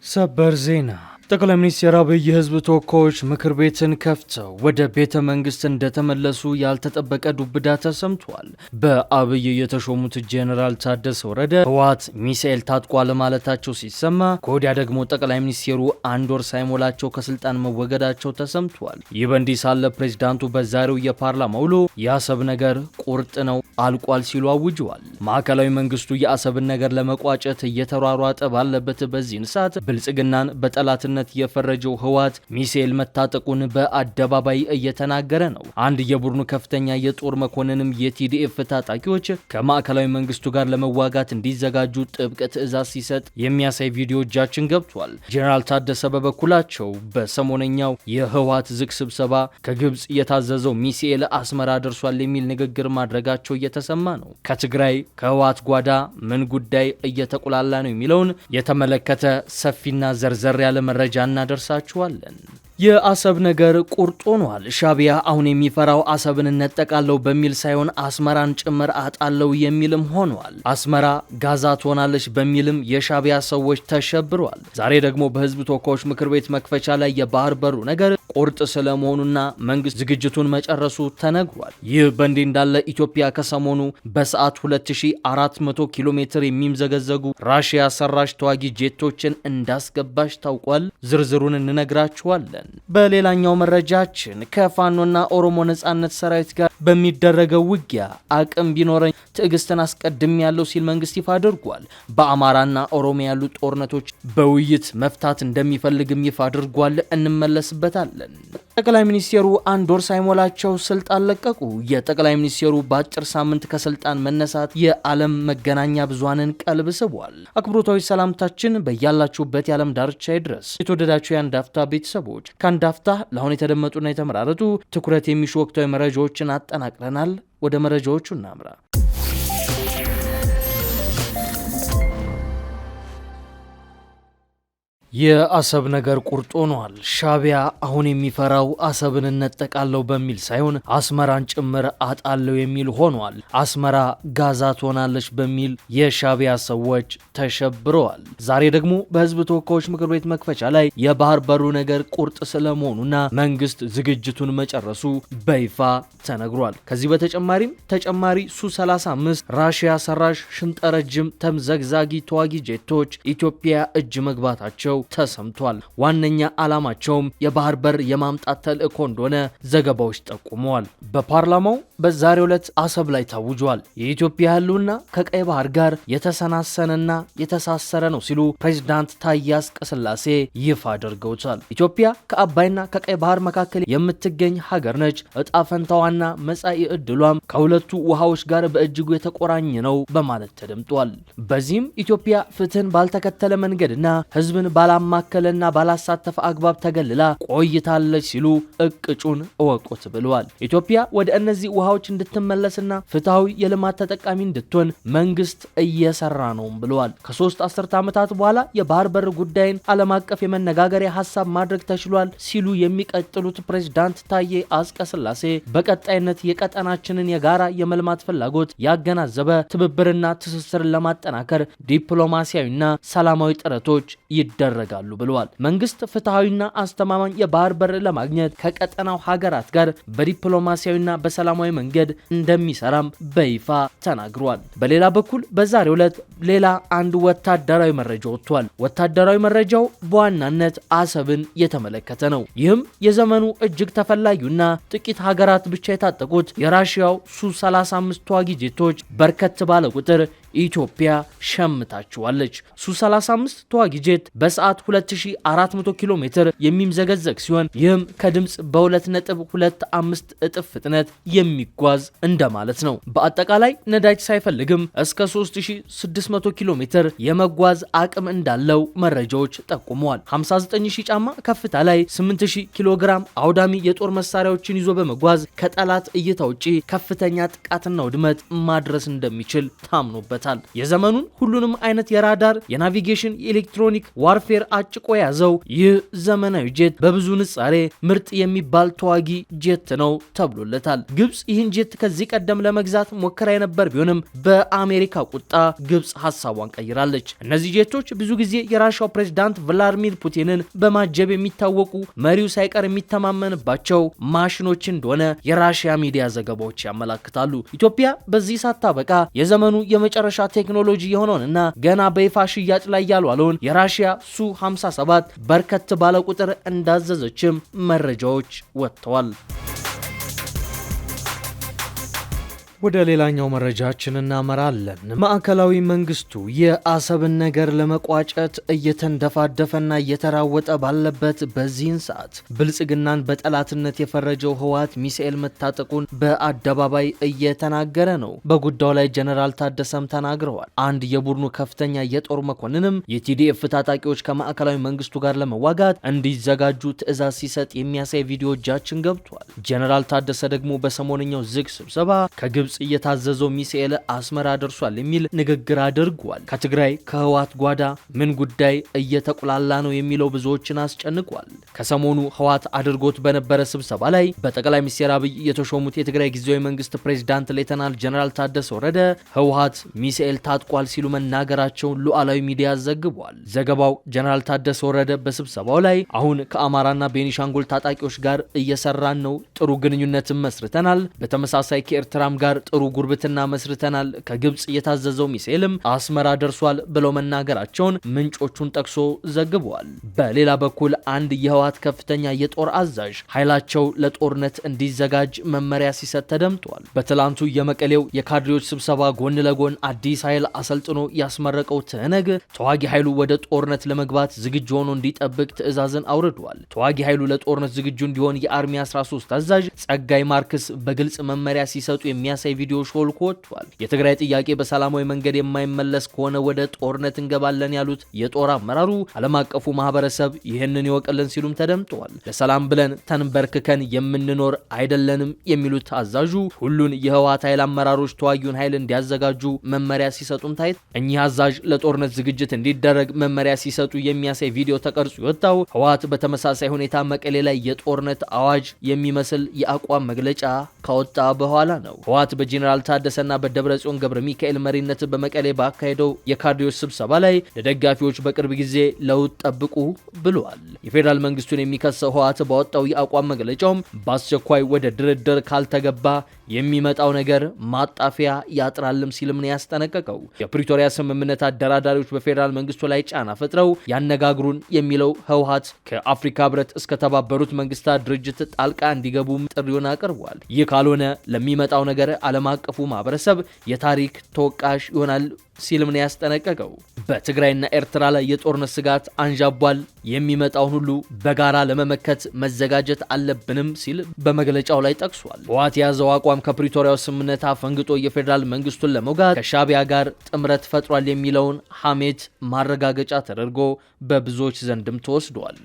Sabarzina. ጠቅላይ ሚኒስትር አብይ የህዝብ ተወካዮች ምክር ቤትን ከፍተው ወደ ቤተ መንግስት እንደተመለሱ ያልተጠበቀ ዱብዳ ተሰምቷል። በአብይ የተሾሙት ጄኔራል ታደሰ ወረደ ህወሓት ሚሳኤል ታጥቋል ማለታቸው ሲሰማ ከወዲያ ደግሞ ጠቅላይ ሚኒስትሩ አንድ ወር ሳይሞላቸው ከስልጣን መወገዳቸው ተሰምቷል። ይህ በእንዲህ ሳለ ፕሬዚዳንቱ በዛሬው የፓርላማ ውሎ የአሰብ ነገር ቁርጥ ነው አልቋል ሲሉ አውጀዋል። ማዕከላዊ መንግስቱ የአሰብን ነገር ለመቋጨት እየተሯሯጠ ባለበት በዚህን ሰዓት ብልጽግናን በጠላትነት በጦርነት የፈረጀው ህወሓት ሚሳኤል መታጠቁን በአደባባይ እየተናገረ ነው። አንድ የቡድኑ ከፍተኛ የጦር መኮንንም የቲዲኤፍ ታጣቂዎች ከማዕከላዊ መንግስቱ ጋር ለመዋጋት እንዲዘጋጁ ጥብቅ ትዕዛዝ ሲሰጥ የሚያሳይ ቪዲዮ እጃችን ገብቷል። ጄኔራል ታደሰ በበኩላቸው በሰሞነኛው የህወሓት ዝግ ስብሰባ ከግብፅ የታዘዘው ሚሳኤል አስመራ ደርሷል የሚል ንግግር ማድረጋቸው እየተሰማ ነው። ከትግራይ ከህወሓት ጓዳ ምን ጉዳይ እየተቆላላ ነው የሚለውን የተመለከተ ሰፊና ዘርዘር ያለ መረጃ መረጃ እናደርሳችኋለን። የአሰብ ነገር ቁርጥ ሆኗል። ሻቢያ አሁን የሚፈራው አሰብን እነጠቃለሁ በሚል ሳይሆን አስመራን ጭምር አጣለው የሚልም ሆኗል። አስመራ ጋዛ ትሆናለች በሚልም የሻቢያ ሰዎች ተሸብሯል። ዛሬ ደግሞ በህዝብ ተወካዮች ምክር ቤት መክፈቻ ላይ የባህር በሩ ነገር ቁርጥ ስለመሆኑና መንግስት ዝግጅቱን መጨረሱ ተነግሯል። ይህ በእንዲህ እንዳለ ኢትዮጵያ ከሰሞኑ በሰዓት 2400 ኪሎ ሜትር የሚምዘገዘጉ ራሽያ ሰራሽ ተዋጊ ጄቶችን እንዳስገባች ታውቋል። ዝርዝሩን እንነግራችኋለን። በሌላኛው መረጃችን ከፋኖና ኦሮሞ ነጻነት ሰራዊት ጋር በሚደረገው ውጊያ አቅም ቢኖረኝ ትዕግስትን አስቀድም ያለው ሲል መንግስት ይፋ አድርጓል። በአማራና ኦሮሞ ያሉ ጦርነቶች በውይይት መፍታት እንደሚፈልግም ይፋ አድርጓል። እንመለስበታለን። ጠቅላይ ሚኒስቴሩ አንድ ወር ሳይሞላቸው ስልጣን ለቀቁ። የጠቅላይ ሚኒስቴሩ በአጭር ሳምንት ከስልጣን መነሳት የዓለም መገናኛ ብዙሃንን ቀልብ ስቧል። አክብሮታዊ ሰላምታችን በያላችሁበት የዓለም ዳርቻ ይድረስ። የተወደዳችሁ የአንዳፍታ ቤተሰቦች ከአንዳፍታ ለአሁን የተደመጡና የተመራረጡ ትኩረት የሚሹ ወቅታዊ መረጃዎችን አጠናቅረናል። ወደ መረጃዎቹ እናምራ። የአሰብ ነገር ቁርጥ ሆኗል። ሻቢያ አሁን የሚፈራው አሰብን እነጠቃለሁ በሚል ሳይሆን አስመራን ጭምር አጣለው የሚል ሆኗል። አስመራ ጋዛ ትሆናለች በሚል የሻቢያ ሰዎች ተሸብረዋል። ዛሬ ደግሞ በህዝብ ተወካዮች ምክር ቤት መክፈቻ ላይ የባህር በሩ ነገር ቁርጥ ስለመሆኑና መንግስት ዝግጅቱን መጨረሱ በይፋ ተነግሯል። ከዚህ በተጨማሪም ተጨማሪ ሱ 35 ራሽያ ሰራሽ ሽንጠረጅም ተምዘግዛጊ ተዋጊ ጄቶች ኢትዮጵያ እጅ መግባታቸው ተሰምቷል። ዋነኛ ዓላማቸውም የባህር በር የማምጣት ተልእኮ እንደሆነ ዘገባዎች ጠቁመዋል። በፓርላማው በዛሬው ዕለት አሰብ ላይ ታውጇል። የኢትዮጵያ ህልውና ከቀይ ባህር ጋር የተሰናሰነና የተሳሰረ ነው ሲሉ ፕሬዚዳንት ታዬ አጽቀሥላሴ ይፋ አድርገውታል። ኢትዮጵያ ከአባይና ከቀይ ባህር መካከል የምትገኝ ሀገር ነች። እጣ ፈንታዋና መጻኢ ዕድሏም ከሁለቱ ውሃዎች ጋር በእጅጉ የተቆራኘ ነው በማለት ተደምጧል። በዚህም ኢትዮጵያ ፍትህን ባልተከተለ መንገድና ህዝብን ባ ባላማከለና ባላሳተፈ አግባብ ተገልላ ቆይታለች ሲሉ እቅጩን እወቁት ብለዋል። ኢትዮጵያ ወደ እነዚህ ውሃዎች እንድትመለስና ፍትሐዊ የልማት ተጠቃሚ እንድትሆን መንግስት እየሰራ ነውም ብለዋል። ከሶስት አስርተ ዓመታት በኋላ የባህር በር ጉዳይን ዓለም አቀፍ የመነጋገሪያ ሀሳብ ማድረግ ተችሏል ሲሉ የሚቀጥሉት ፕሬዝዳንት ታዬ አጽቀሥላሴ በቀጣይነት የቀጠናችንን የጋራ የመልማት ፍላጎት ያገናዘበ ትብብርና ትስስርን ለማጠናከር ዲፕሎማሲያዊና ሰላማዊ ጥረቶች ይደረ ይደረጋሉ ብለዋል። መንግስት ፍትሐዊና አስተማማኝ የባህር በር ለማግኘት ከቀጠናው ሀገራት ጋር በዲፕሎማሲያዊና በሰላማዊ መንገድ እንደሚሰራም በይፋ ተናግሯል። በሌላ በኩል በዛሬው ዕለት ሌላ አንድ ወታደራዊ መረጃ ወጥቷል። ወታደራዊ መረጃው በዋናነት አሰብን የተመለከተ ነው። ይህም የዘመኑ እጅግ ተፈላጊውና ጥቂት ሀገራት ብቻ የታጠቁት የራሽያው ሱ 35 ተዋጊ ጄቶች በርከት ባለ ቁጥር ኢትዮጵያ ሸምታችኋለች። ሱ 35 ተዋጊ ጄት በሰዓት ሰዓት 2400 ኪሎ ሜትር የሚምዘገዘግ ሲሆን ይህም ከድምፅ በ2.25 እጥፍ ፍጥነት የሚጓዝ እንደማለት ነው። በአጠቃላይ ነዳጅ ሳይፈልግም እስከ 3600 ኪሎ ሜትር የመጓዝ አቅም እንዳለው መረጃዎች ጠቁመዋል። 59000 ጫማ ከፍታ ላይ 8000 ኪሎ ግራም አውዳሚ የጦር መሳሪያዎችን ይዞ በመጓዝ ከጠላት እይታ ውጪ ከፍተኛ ጥቃትና ውድመት ማድረስ እንደሚችል ታምኖበታል። የዘመኑን ሁሉንም አይነት የራዳር የናቪጌሽን፣ የኤሌክትሮኒክ ዋርፌር አየር አጭቆ የያዘው ይህ ዘመናዊ ጄት በብዙ ንጻሬ ምርጥ የሚባል ተዋጊ ጄት ነው ተብሎለታል። ግብፅ ይህን ጄት ከዚህ ቀደም ለመግዛት ሞከራ የነበር ቢሆንም በአሜሪካ ቁጣ ግብፅ ሀሳቧን ቀይራለች። እነዚህ ጄቶች ብዙ ጊዜ የራሻው ፕሬዝዳንት ቭላድሚር ፑቲንን በማጀብ የሚታወቁ መሪው ሳይቀር የሚተማመንባቸው ማሽኖች እንደሆነ የራሽያ ሚዲያ ዘገባዎች ያመላክታሉ። ኢትዮጵያ በዚህ ሳታበቃ የዘመኑ የመጨረሻ ቴክኖሎጂ የሆነውንና ገና በይፋ ሽያጭ ላይ ያልዋለውን የራሽያ ሱ 57 በርከት ባለ ቁጥር እንዳዘዘችም መረጃዎች ወጥተዋል። ወደ ሌላኛው መረጃችን እናመራለን። ማዕከላዊ መንግስቱ የአሰብን ነገር ለመቋጨት እየተንደፋደፈና እየተራወጠ ባለበት በዚህን ሰዓት ብልጽግናን በጠላትነት የፈረጀው ህወሓት ሚሳኤል መታጠቁን በአደባባይ እየተናገረ ነው። በጉዳዩ ላይ ጀነራል ታደሰም ተናግረዋል። አንድ የቡድኑ ከፍተኛ የጦር መኮንንም የቲዲኤፍ ታጣቂዎች ከማዕከላዊ መንግስቱ ጋር ለመዋጋት እንዲዘጋጁ ትዕዛዝ ሲሰጥ የሚያሳይ ቪዲዮ እጃችን ገብቷል። ጀነራል ታደሰ ደግሞ በሰሞነኛው ዝግ ስብሰባ ከግብ ግብጽ እየታዘዘው ሚሳኤል አስመራ ደርሷል የሚል ንግግር አድርጓል። ከትግራይ ከህዋት ጓዳ ምን ጉዳይ እየተቁላላ ነው የሚለው ብዙዎችን አስጨንቋል። ከሰሞኑ ህዋት አድርጎት በነበረ ስብሰባ ላይ በጠቅላይ ሚኒስትር አብይ የተሾሙት የትግራይ ጊዜያዊ መንግስት ፕሬዚዳንት ሌተናል ጀነራል ታደሰ ወረደ ህወሓት ሚሳኤል ታጥቋል ሲሉ መናገራቸውን ሉዓላዊ ሚዲያ ዘግቧል። ዘገባው ጀነራል ታደሰ ወረደ በስብሰባው ላይ አሁን ከአማራና ቤኒሻንጉል ታጣቂዎች ጋር እየሰራን ነው፣ ጥሩ ግንኙነትን መስርተናል፣ በተመሳሳይ ከኤርትራም ጋር ጥሩ ጉርብትና መስርተናል፣ ከግብፅ የታዘዘው ሚሳኤልም አስመራ ደርሷል ብለው መናገራቸውን ምንጮቹን ጠቅሶ ዘግቧል። በሌላ በኩል አንድ የህወሓት ከፍተኛ የጦር አዛዥ ኃይላቸው ለጦርነት እንዲዘጋጅ መመሪያ ሲሰጥ ተደምጧል። በትላንቱ የመቀሌው የካድሬዎች ስብሰባ ጎን ለጎን አዲስ ኃይል አሰልጥኖ ያስመረቀው ትህነግ ተዋጊ ኃይሉ ወደ ጦርነት ለመግባት ዝግጁ ሆኖ እንዲጠብቅ ትዕዛዝን አውርዷል። ተዋጊ ኃይሉ ለጦርነት ዝግጁ እንዲሆን የአርሚ 13 አዛዥ ጸጋይ ማርክስ በግልጽ መመሪያ ሲሰጡ የሚያሳይ የሚያሳይ ቪዲዮ ሾልኮ ወጥቷል። የትግራይ ጥያቄ በሰላማዊ መንገድ የማይመለስ ከሆነ ወደ ጦርነት እንገባለን ያሉት የጦር አመራሩ ዓለም አቀፉ ማህበረሰብ ይህንን ይወቅልን ሲሉም ተደምጠዋል። ለሰላም ብለን ተንበርክከን የምንኖር አይደለንም የሚሉት አዛዡ ሁሉን የህወሓት ኃይል አመራሮች ተዋጊውን ኃይል እንዲያዘጋጁ መመሪያ ሲሰጡም ታይት እኚህ አዛዥ ለጦርነት ዝግጅት እንዲደረግ መመሪያ ሲሰጡ የሚያሳይ ቪዲዮ ተቀርጾ የወጣው ህወሓት በተመሳሳይ ሁኔታ መቀሌ ላይ የጦርነት አዋጅ የሚመስል የአቋም መግለጫ ካወጣ በኋላ ነው። ህወሓት በጄኔራል ታደሰና ጽዮን ገብረ ሚካኤል መሪነት በመቀሌ ባካሄደው የካድሬዎች ስብሰባ ላይ ለደጋፊዎች በቅርብ ጊዜ ለውጥ ጠብቁ ብሏል። የፌዴራል መንግስቱን የሚከሰው ህወሓት ባወጣው የአቋም መግለጫውም በአስቸኳይ ወደ ድርድር ካልተገባ የሚመጣው ነገር ማጣፊያ ያጥራልም ሲልም ነው ያስጠነቀቀው። የፕሪቶሪያ ስምምነት አደራዳሪዎች በፌዴራል መንግስቱ ላይ ጫና ፈጥረው ያነጋግሩን የሚለው ህውሀት ከአፍሪካ ህብረት እስከ ተባበሩት መንግስታት ድርጅት ጣልቃ እንዲገቡም ጥሪውን አቅርቧል። ይህ ካልሆነ ለሚመጣው ነገር ዓለም አቀፉ ማህበረሰብ የታሪክ ተወቃሽ ይሆናል ሲልም ነው ያስጠነቀቀው። በትግራይና ኤርትራ ላይ የጦርነት ስጋት አንዣቧል፣ የሚመጣውን ሁሉ በጋራ ለመመከት መዘጋጀት አለብንም ሲል በመግለጫው ላይ ጠቅሷል። ህወሓት የያዘው አቋም ከፕሪቶሪያው ስምምነት አፈንግጦ የፌዴራል መንግስቱን ለመውጋት ከሻቢያ ጋር ጥምረት ፈጥሯል የሚለውን ሐሜት ማረጋገጫ ተደርጎ በብዙዎች ዘንድም ተወስዷል።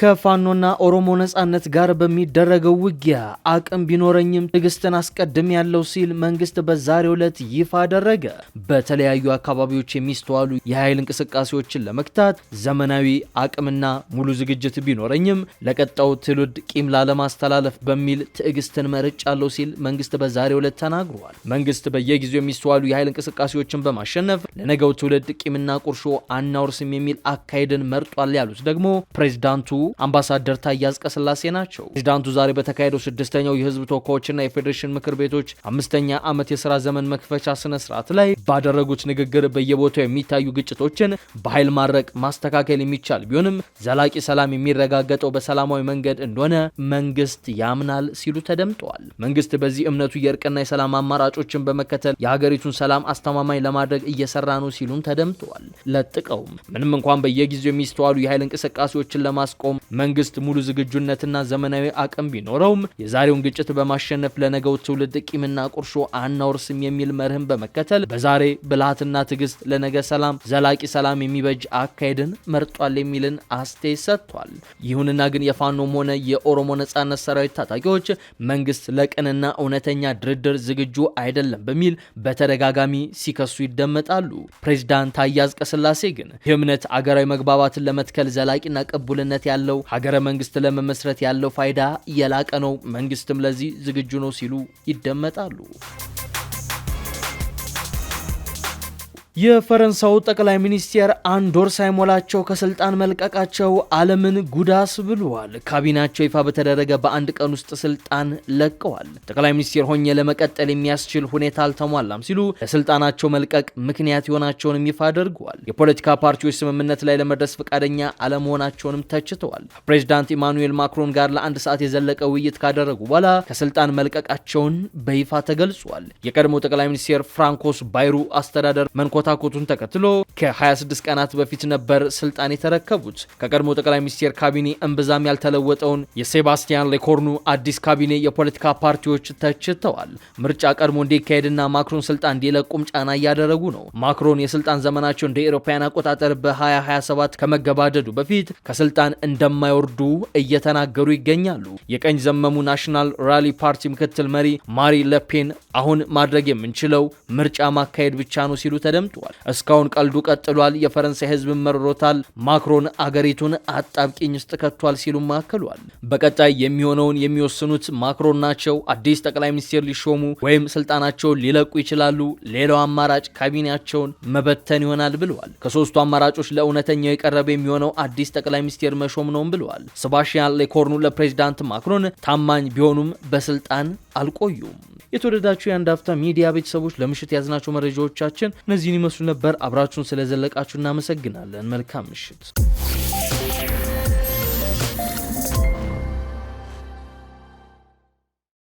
ከፋኖና ኦሮሞ ነጻነት ጋር በሚደረገው ውጊያ አቅም ቢኖረኝም ትዕግስትን አስቀድም ያለው ሲል መንግስት በዛሬው ዕለት ይፋ አደረገ። በተለያዩ አካባቢዎች የሚስተዋሉ የኃይል እንቅስቃሴዎችን ለመግታት ዘመናዊ አቅምና ሙሉ ዝግጅት ቢኖረኝም ለቀጣው ትውልድ ቂም ላለማስተላለፍ በሚል ትዕግስትን መርጫለሁ ሲል መንግስት በዛሬው ዕለት ተናግሯል። መንግስት በየጊዜው የሚስተዋሉ የኃይል እንቅስቃሴዎችን በማሸነፍ ለነገው ትውልድ ቂምና ቁርሾ አናውርስም የሚል አካሄድን መርጧል ያሉት ደግሞ ፕሬዝዳንቱ አምባሳደር ታዬ አጽቀሥላሴ ናቸው። ፕሬዚዳንቱ ዛሬ በተካሄደው ስድስተኛው የህዝብ ተወካዮችና የፌዴሬሽን ምክር ቤቶች አምስተኛ ዓመት የስራ ዘመን መክፈቻ ስነ ስርዓት ላይ ባደረጉት ንግግር በየቦታው የሚታዩ ግጭቶችን በኃይል ማድረቅ ማስተካከል የሚቻል ቢሆንም ዘላቂ ሰላም የሚረጋገጠው በሰላማዊ መንገድ እንደሆነ መንግስት ያምናል ሲሉ ተደምጠዋል። መንግስት በዚህ እምነቱ የእርቅና የሰላም አማራጮችን በመከተል የሀገሪቱን ሰላም አስተማማኝ ለማድረግ እየሰራ ነው ሲሉም ተደምጠዋል። ለጥቀውም ምንም እንኳን በየጊዜው የሚስተዋሉ የኃይል እንቅስቃሴዎችን ለማስቆም መንግስት ሙሉ ዝግጁነትና ዘመናዊ አቅም ቢኖረውም የዛሬውን ግጭት በማሸነፍ ለነገው ትውልድ ቂምና ቁርሾ አናወርስም የሚል መርህን በመከተል በዛሬ ብልሃትና ትዕግስት ለነገ ሰላም፣ ዘላቂ ሰላም የሚበጅ አካሄድን መርጧል የሚልን አስተያየት ሰጥቷል። ይሁንና ግን የፋኖም ሆነ የኦሮሞ ነጻነት ሰራዊት ታጣቂዎች መንግስት ለቅንና እውነተኛ ድርድር ዝግጁ አይደለም በሚል በተደጋጋሚ ሲከሱ ይደመጣሉ። ፕሬዚዳንት ታዬ አጽቀሥላሴ ግን ይህ እምነት አገራዊ መግባባትን ለመትከል ዘላቂና ቅቡልነት ያለው ያለው ሀገረ መንግስት ለመመስረት ያለው ፋይዳ የላቀ ነው፣ መንግስትም ለዚህ ዝግጁ ነው ሲሉ ይደመጣሉ። የፈረንሳው ጠቅላይ ሚኒስቴር አንድ ወር ሳይሞላቸው ከስልጣን መልቀቃቸው ዓለምን ጉዳስ ብሏል። ካቢናቸው ይፋ በተደረገ በአንድ ቀን ውስጥ ስልጣን ለቀዋል። ጠቅላይ ሚኒስቴር ሆኜ ለመቀጠል የሚያስችል ሁኔታ አልተሟላም ሲሉ ለስልጣናቸው መልቀቅ ምክንያት የሆናቸውንም ይፋ አድርገዋል። የፖለቲካ ፓርቲዎች ስምምነት ላይ ለመድረስ ፈቃደኛ አለመሆናቸውንም ተችተዋል። ፕሬዚዳንት ኢማኑኤል ማክሮን ጋር ለአንድ ሰዓት የዘለቀ ውይይት ካደረጉ በኋላ ከስልጣን መልቀቃቸውን በይፋ ተገልጿል። የቀድሞ ጠቅላይ ሚኒስቴር ፍራንኮስ ባይሩ አስተዳደር መንኮታ መታኮቱን ተከትሎ ከ26 ቀናት በፊት ነበር ስልጣን የተረከቡት። ከቀድሞ ጠቅላይ ሚኒስቴር ካቢኔ እምብዛም ያልተለወጠውን የሴባስቲያን ሌኮርኑ አዲስ ካቢኔ የፖለቲካ ፓርቲዎች ተችተዋል። ምርጫ ቀድሞ እንዲካሄድና ማክሮን ስልጣን እንዲለቁም ጫና እያደረጉ ነው። ማክሮን የስልጣን ዘመናቸው እንደ ኤሮፓያን አቆጣጠር በ2027 ከመገባደዱ በፊት ከስልጣን እንደማይወርዱ እየተናገሩ ይገኛሉ። የቀኝ ዘመሙ ናሽናል ራሊ ፓርቲ ምክትል መሪ ማሪ ለፔን አሁን ማድረግ የምንችለው ምርጫ ማካሄድ ብቻ ነው ሲሉ ተደምጠዋል። ተሰምቷል። እስካሁን ቀልዱ ቀጥሏል። የፈረንሳይ ህዝብ መርሮታል። ማክሮን አገሪቱን አጣብቂኝ ውስጥ ከቷል ሲሉ ማከሏል። በቀጣይ የሚሆነውን የሚወስኑት ማክሮን ናቸው። አዲስ ጠቅላይ ሚኒስትር ሊሾሙ ወይም ስልጣናቸውን ሊለቁ ይችላሉ። ሌላው አማራጭ ካቢኔያቸውን መበተን ይሆናል ብለዋል። ከሶስቱ አማራጮች ለእውነተኛው የቀረበ የሚሆነው አዲስ ጠቅላይ ሚኒስትር መሾም ነውም ብለዋል። ሰባሽያን ሌኮርኑ ለፕሬዚዳንት ማክሮን ታማኝ ቢሆኑም በስልጣን አልቆዩም። የተወደዳችሁ የአንድ አፍታ ሚዲያ ቤተሰቦች ለምሽት ያዝናቸው መረጃዎቻችን እነዚህን ይመስሉ ነበር። አብራችሁን ስለዘለቃችሁ እናመሰግናለን። መልካም ምሽት